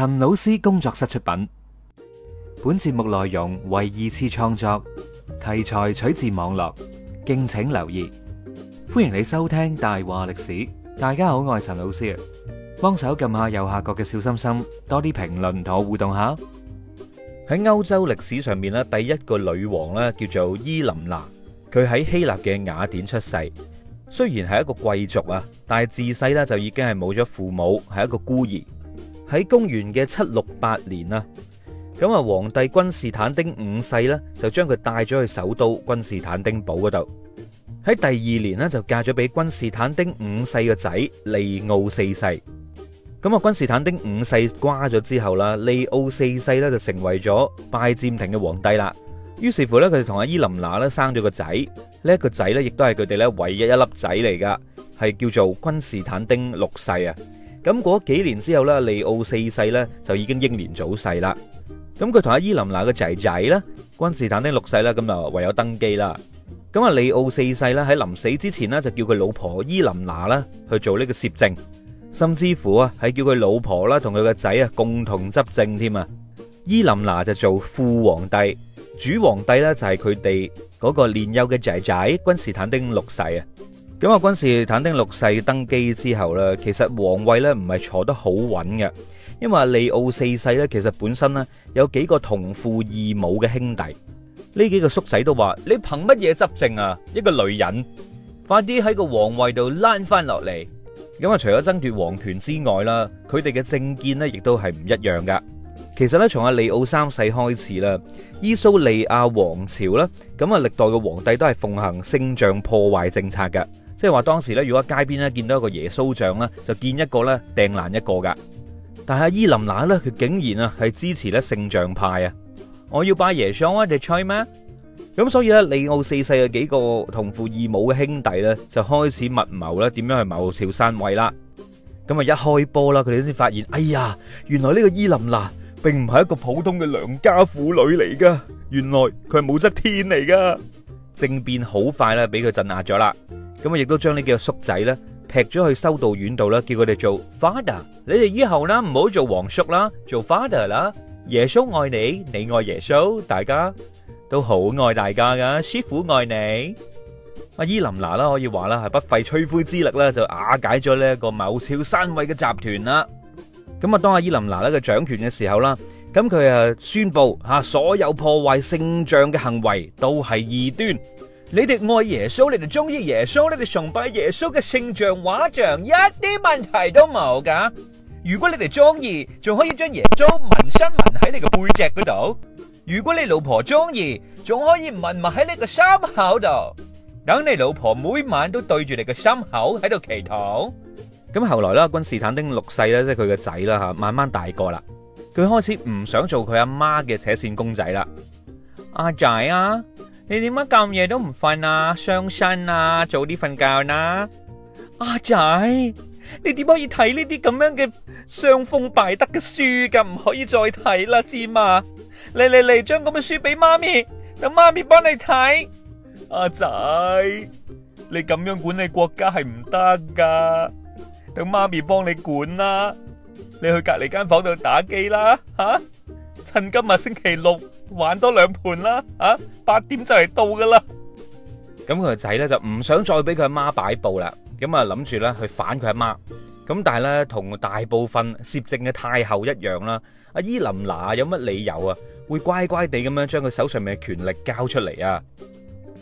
陳老師工作室出品，本節目內容為二次創作，題材取自網絡，敬請留意。歡迎你收聽《大話歷史》，大家好，我係陳老師。幫手撳下右下角嘅小心心，多啲評論同我互動下。喺歐洲歷史上面咧，第一個女王咧叫做伊琳娜，佢喺希臘嘅雅典出世。雖然係一個貴族啊，但係自細咧就已經係冇咗父母，係一個孤兒。喺公元嘅七六八年啊，咁啊，皇帝君士坦丁五世呢，就將佢帶咗去首都君士坦丁堡嗰度。喺第二年呢，就嫁咗俾君士坦丁五世嘅仔利奧四世。咁啊，君士坦丁五世瓜咗之後啦，利奧四世呢，就成為咗拜占庭嘅皇帝啦。於是乎呢，佢就同阿伊琳娜呢生咗個仔，呢一個仔呢，亦都係佢哋呢唯一一粒仔嚟噶，係叫做君士坦丁六世啊。咁嗰幾年之後咧，利奧四世咧就已經英年早逝啦。咁佢同阿伊琳娜嘅仔仔咧，君士坦丁六世啦，咁就唯有登基啦。咁阿利奧四世咧喺臨死之前咧，就叫佢老婆伊琳娜啦去做呢個攝政，甚至乎啊係叫佢老婆啦同佢個仔啊共同執政添啊。伊琳娜就做副皇帝，主皇帝咧就係佢哋嗰個年幼嘅仔仔君士坦丁六世啊。咁啊，君士坦丁六世登基之後咧，其實皇位咧唔係坐得好穩嘅，因為利奧四世咧，其實本身咧有幾個同父異母嘅兄弟，呢幾個叔仔都話：你憑乜嘢執政啊？一個女人，快啲喺個皇位度拉翻落嚟！咁啊，除咗爭奪皇權之外啦，佢哋嘅政見咧亦都係唔一樣噶。其實咧，從阿利奧三世開始啦，伊蘇利亞王朝啦，咁啊歷代嘅皇帝都係奉行聖像破壞政策嘅。即係話當時咧，如果喺街邊咧見到一個耶穌像咧，就見一個咧掟爛一個噶。但係伊林娜咧，佢竟然啊係支持咧聖像派啊。我要拜耶穌啊，你吹咩？咁所以咧，利奧四世嘅幾個同父異母嘅兄弟咧，就開始密謀啦，點樣去謀朝篡位啦。咁啊，一開波啦，佢哋先發現，哎呀，原來呢個伊林娜並唔係一個普通嘅良家婦女嚟噶，原來佢係武則天嚟噶。政變好快咧，俾佢鎮壓咗啦。咁啊，亦都將呢幾個叔仔咧劈咗去修道院度啦，叫佢哋做 father。你哋以後啦，唔好做皇叔啦，做 father 啦。耶穌愛你，你愛耶穌，大家都好愛大家噶。師傅愛你，阿伊琳娜啦可以話啦係不費吹灰之力啦，就瓦解咗呢一個謀朝篡位嘅集團啦。咁啊，當阿伊琳娜咧個掌權嘅時候啦，咁佢啊宣布吓所有破壞聖像嘅行為都係異端。你哋愛耶穌，你哋中意耶穌，你哋崇拜耶穌嘅聖像畫像，一啲問題都冇噶。如果你哋中意，仲可以將耶穌紋身紋喺你個背脊嗰度。如果你老婆中意，仲可以紋埋喺你個心口度，等你老婆每晚都對住你個心口喺度祈禱。咁後來啦，君士坦丁六世咧，即係佢嘅仔啦吓，慢慢大個啦，佢開始唔想做佢阿媽嘅扯線公仔啦，阿仔啊！你點解咁夜都唔瞓啊？傷身啊！早啲瞓覺啦，阿、啊、仔。你點可以睇呢啲咁樣嘅傷風敗德嘅書噶？唔可以再睇啦，知嘛？嚟嚟嚟，將咁嘅書俾媽咪，等媽咪幫你睇。阿、啊、仔，你咁樣管理國家係唔得噶，等媽咪幫你管啦。你去隔離間房度打機啦，吓、啊！趁今日星期六。玩多兩盤啦，啊，八點就係到噶啦。咁佢個仔咧就唔想再俾佢阿媽擺布啦，咁啊諗住咧去反佢阿媽。咁但係咧同大部分攝政嘅太后一樣啦，阿伊琳娜有乜理由啊會乖乖地咁樣將佢手上面嘅權力交出嚟啊？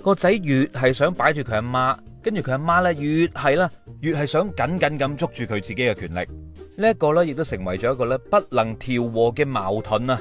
個仔越係想擺住佢阿媽，跟住佢阿媽咧越係啦，越係想緊緊咁捉住佢自己嘅權力。這個、呢一個咧亦都成為咗一個咧不能調和嘅矛盾啊！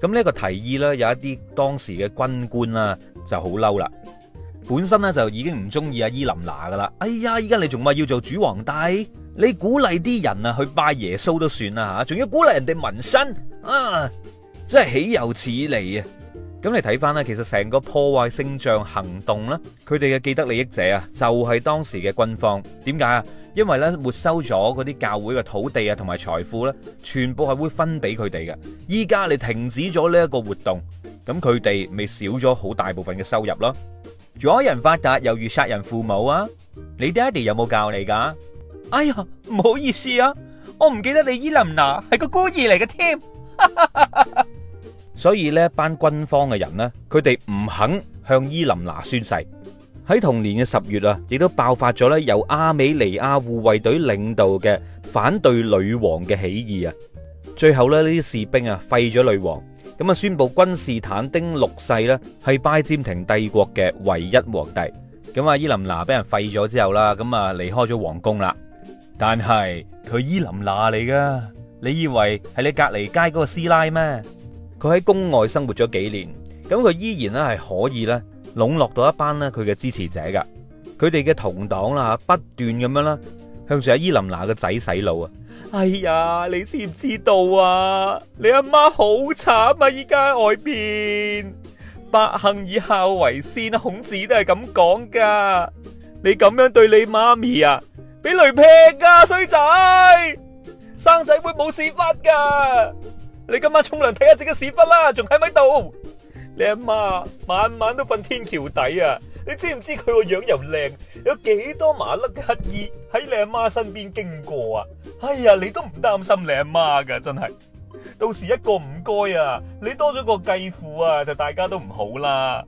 咁、這、呢個提議呢，有一啲當時嘅軍官啦就好嬲啦。本身咧就已經唔中意阿伊琳娜噶啦。哎呀，依家你仲話要做主皇帝，你鼓勵啲人啊去拜耶穌都算啦吓，仲要鼓勵人哋紋身啊，真係豈有此理啊！咁你睇翻咧，其實成個破壞聖像行動咧，佢哋嘅既得利益者啊，就係當時嘅軍方。點解啊？因為咧沒收咗嗰啲教會嘅土地啊，同埋財富咧，全部係會分俾佢哋嘅。依家你停止咗呢一個活動，咁佢哋咪少咗好大部分嘅收入咯。阻人發達猶如殺人父母啊！你爹哋有冇教你噶？哎呀，唔好意思啊，我唔記得你伊琳娜係個孤兒嚟嘅添。所以呢一班軍方嘅人咧，佢哋唔肯向伊琳娜宣誓。喺同年嘅十月啊，亦都爆發咗咧由阿美尼亞護衛隊領導嘅反對女王嘅起義啊！最後咧呢啲士兵啊廢咗女王，咁啊宣布君士坦丁六世咧係拜占庭帝國嘅唯一皇帝。咁啊伊琳娜俾人廢咗之後啦，咁啊離開咗皇宮啦。但係佢伊琳娜嚟噶，你以為係你隔籬街嗰個師奶咩？佢喺宮外生活咗幾年，咁佢依然咧係可以咧。籠絡到一班咧佢嘅支持者噶，佢哋嘅同黨啦吓，不斷咁樣啦，向住阿伊琳娜嘅仔洗腦啊！哎呀，你知唔知道啊？你阿媽好慘啊！依家喺外邊，百行以孝為先啊，孔子都係咁講噶。你咁樣對你媽咪啊，俾雷劈噶衰仔，生仔會冇屎忽噶。你今晚沖涼睇下自己屎忽啦，仲喺咪度？你阿媽晚晚都瞓天橋底啊！你知唔知佢個樣又靚，有幾多麻甩嘅乞兒喺你阿媽身邊經過啊！哎呀，你都唔擔心你阿媽噶，真係。到時一個唔該啊，你多咗個繼父啊，就大家都唔好啦。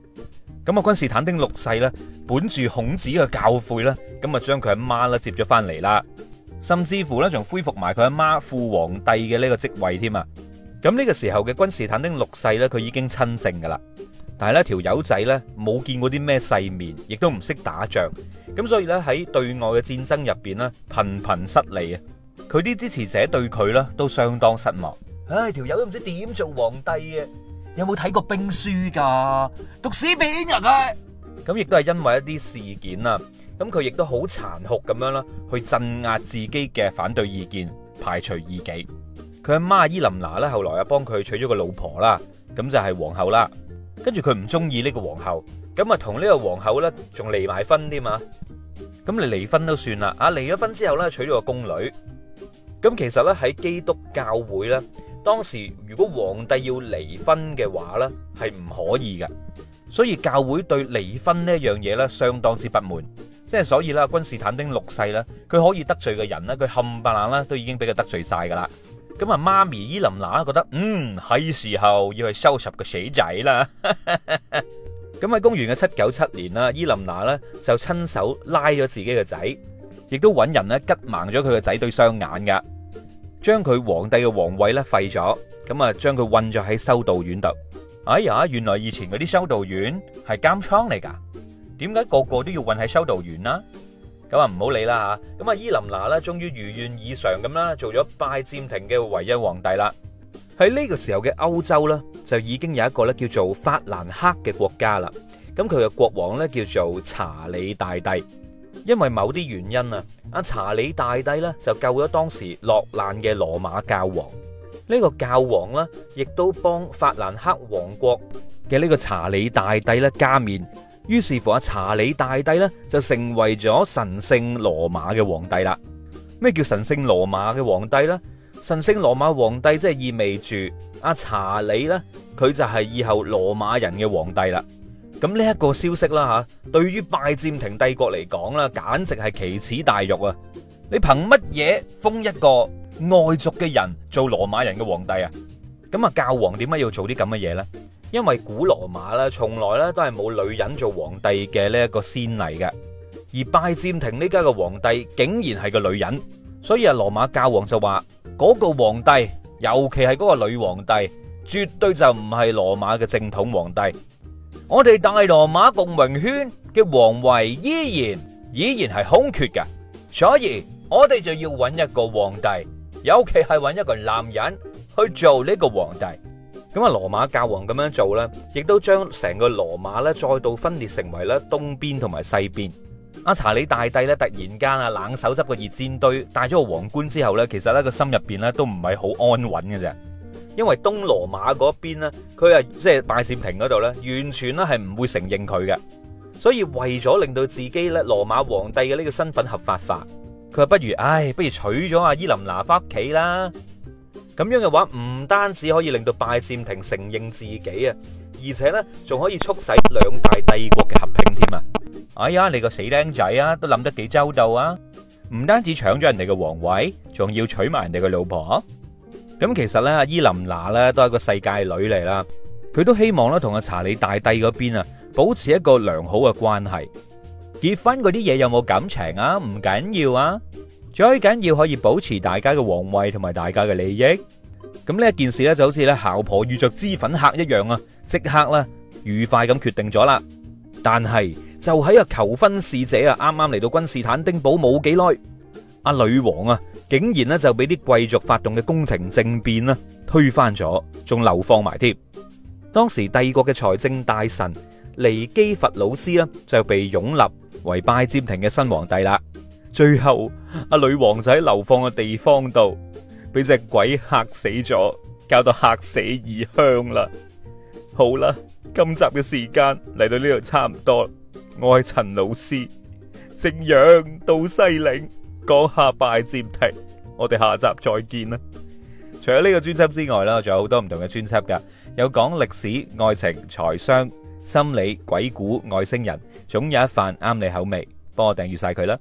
咁啊，君士坦丁六世咧，本住孔子嘅教誨呢，咁啊將佢阿媽咧接咗翻嚟啦，甚至乎咧仲恢復埋佢阿媽副皇帝嘅呢個職位添啊！咁、這、呢個時候嘅君士坦丁六世呢，佢已經親政噶啦，但係呢條友仔呢，冇見過啲咩世面，亦都唔識打仗，咁所以呢，喺對外嘅戰爭入邊呢，頻頻失利啊！佢啲支持者對佢呢，都相當失望。唉、哎，條友都唔知點做皇帝嘅、啊，有冇睇過兵書噶？讀屎片入、啊、去！咁亦都係因為一啲事件啊，咁佢亦都好殘酷咁樣啦，去鎮壓自己嘅反對意見，排除異己。佢阿媽伊琳娜咧，後來啊幫佢娶咗個老婆啦，咁就係皇后啦。跟住佢唔中意呢個皇后，咁啊同呢個皇后咧仲離埋婚添啊。咁你離婚都算啦，啊離咗婚之後咧娶咗個宮女。咁其實咧喺基督教會咧，當時如果皇帝要離婚嘅話咧係唔可以嘅，所以教會對離婚呢一樣嘢咧相當之不滿。即係所以啦，君士坦丁六世咧，佢可以得罪嘅人咧，佢冚唪唥咧都已經俾佢得罪晒噶啦。咁啊，媽咪伊琳娜覺得，嗯，係時候要去收拾個死仔啦。咁喺公元嘅七九七年啦，伊琳娜咧就親手拉咗自己嘅仔，亦都揾人咧吉盲咗佢嘅仔對雙眼噶，將佢皇帝嘅皇位咧廢咗，咁啊將佢韞咗喺修道院度。哎呀，原來以前嗰啲修道院係監倉嚟噶，點解個個都要韞喺修道院啦？咁啊，唔好理啦吓。咁啊，伊琳娜咧，終於如願以償咁啦，做咗拜占庭嘅唯一皇帝啦。喺呢個時候嘅歐洲呢，就已經有一個咧叫做法蘭克嘅國家啦。咁佢嘅國王呢，叫做查理大帝。因為某啲原因啊，阿查理大帝呢，就救咗當時落難嘅羅馬教皇。呢個教皇呢，亦都幫法蘭克王國嘅呢個查理大帝咧加冕。於是乎，阿查理大帝咧就成為咗神聖羅馬嘅皇帝啦。咩叫神聖羅馬嘅皇帝呢？神聖羅馬皇帝即係意味住阿查理咧，佢就係以後羅馬人嘅皇帝啦。咁呢一個消息啦吓，對於拜占庭帝國嚟講啦，簡直係奇恥大辱啊！你憑乜嘢封一個外族嘅人做羅馬人嘅皇帝啊？咁啊，教皇點解要做啲咁嘅嘢呢？因為古羅馬咧，從來咧都係冇女人做皇帝嘅呢一個先例嘅，而拜占庭呢家嘅皇帝竟然係個女人，所以啊，羅馬教皇就話嗰個皇帝，尤其係嗰個女皇帝，絕對就唔係羅馬嘅正統皇帝。我哋大羅馬共榮圈嘅皇位依然依然係空缺嘅，所以我哋就要揾一個皇帝，尤其係揾一個男人去做呢個皇帝。咁啊，羅馬教皇咁樣做咧，亦都將成個羅馬咧再度分裂成為咧東邊同埋西邊。阿查理大帝咧突然間啊，冷手執個熱煎堆，戴咗個皇冠之後咧，其實咧個心入邊咧都唔係好安穩嘅啫。因為東羅馬嗰邊咧，佢啊即係拜占庭嗰度咧，完全咧係唔會承認佢嘅。所以為咗令到自己咧羅馬皇帝嘅呢個身份合法化，佢不如唉，不如娶咗阿伊琳娜翻屋企啦。咁樣嘅話，唔單止可以令到拜占庭承認自己啊，而且呢仲可以促使兩大帝國嘅合併添啊！哎呀，你個死靚仔啊，都諗得幾周到啊！唔單止搶咗人哋嘅皇位，仲要娶埋人哋嘅老婆。咁其實呢，伊琳娜呢都係個世界女嚟啦，佢都希望呢，同阿查理大帝嗰邊啊保持一個良好嘅關係。結婚嗰啲嘢有冇感情啊？唔緊要啊！最緊要可以保持大家嘅皇位同埋大家嘅利益，咁呢一件事咧就好似咧姣婆遇着脂粉客一樣啊！即刻啦，愉快咁決定咗啦。但係就喺個求婚使者啊，啱啱嚟到君士坦丁堡冇幾耐，阿女王啊，竟然咧就俾啲貴族發動嘅宮廷政變啦，推翻咗，仲流放埋添。當時帝國嘅財政大臣尼基弗魯斯啦，就被擁立為拜占庭嘅新皇帝啦。最後阿女皇就喺，流放嘅地方度，俾隻鬼嚇死咗，搞到嚇死異鄉啦。好啦，今集嘅時間嚟到呢度差唔多，我係陳老師，姓楊，到西嶺講下拜占庭，我哋下集再見啦。除咗呢個專輯之外啦，仲有好多唔同嘅專輯噶，有講歷史、愛情、財商、心理、鬼故、外星人，總有一番啱你口味，幫我訂閱晒佢啦。